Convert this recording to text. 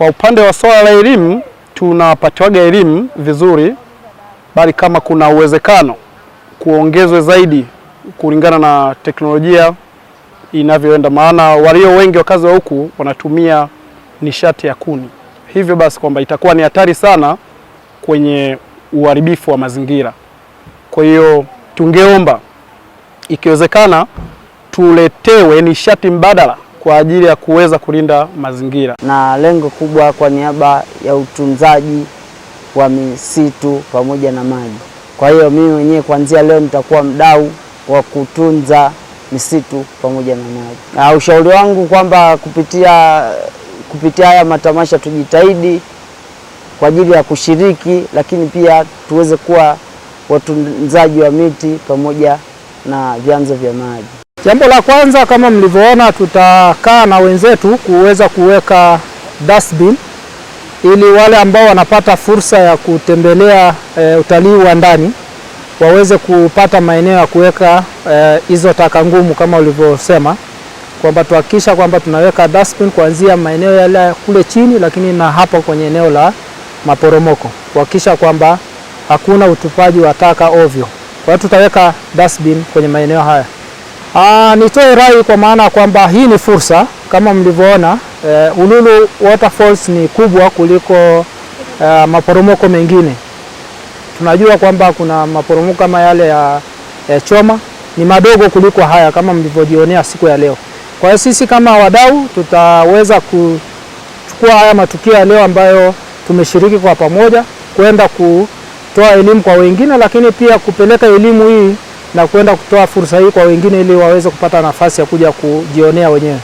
Kwa upande wa swala la elimu, tunapatiwaga elimu vizuri, bali kama kuna uwezekano kuongezwe zaidi kulingana na teknolojia inavyoenda, maana walio wengi wakazi wa huku wanatumia nishati ya kuni, hivyo basi kwamba itakuwa ni hatari sana kwenye uharibifu wa mazingira. Kwa hiyo tungeomba ikiwezekana tuletewe nishati mbadala kwa ajili ya kuweza kulinda mazingira na lengo kubwa kwa niaba ya utunzaji wa misitu pamoja na maji. Kwa hiyo mimi mwenyewe kuanzia leo nitakuwa mdau wa kutunza misitu pamoja na maji. Na ushauri wangu kwamba kupitia kupitia haya matamasha tujitahidi kwa ajili ya kushiriki, lakini pia tuweze kuwa watunzaji wa miti pamoja na vyanzo vya maji. Jambo la kwanza kama mlivyoona, tutakaa na wenzetu kuweza kuweka dustbin ili wale ambao wanapata fursa ya kutembelea e, utalii wa ndani waweze kupata maeneo ya kuweka eh, hizo e, taka ngumu kama ulivyosema kwamba tuhakikisha kwamba tunaweka dustbin kuanzia maeneo yale kule chini, lakini na hapa kwenye eneo la maporomoko kuhakikisha kwamba hakuna utupaji wa taka ovyo. Kwa hiyo tutaweka dustbin kwenye maeneo haya. Aa, ah, nitoe rai kwa maana kwamba hii ni fursa kama mlivyoona, eh, Ululu Waterfalls ni kubwa kuliko eh, maporomoko mengine. Tunajua kwamba kuna maporomoko kama yale ya eh, Choma ni madogo kuliko haya kama mlivyojionea siku ya leo. Kwa hiyo sisi kama wadau tutaweza kuchukua haya matukio ya leo ambayo tumeshiriki kwa pamoja kwenda kutoa elimu kwa wengine, lakini pia kupeleka elimu hii na kwenda kutoa fursa hii kwa wengine ili waweze kupata nafasi ya kuja kujionea wenyewe.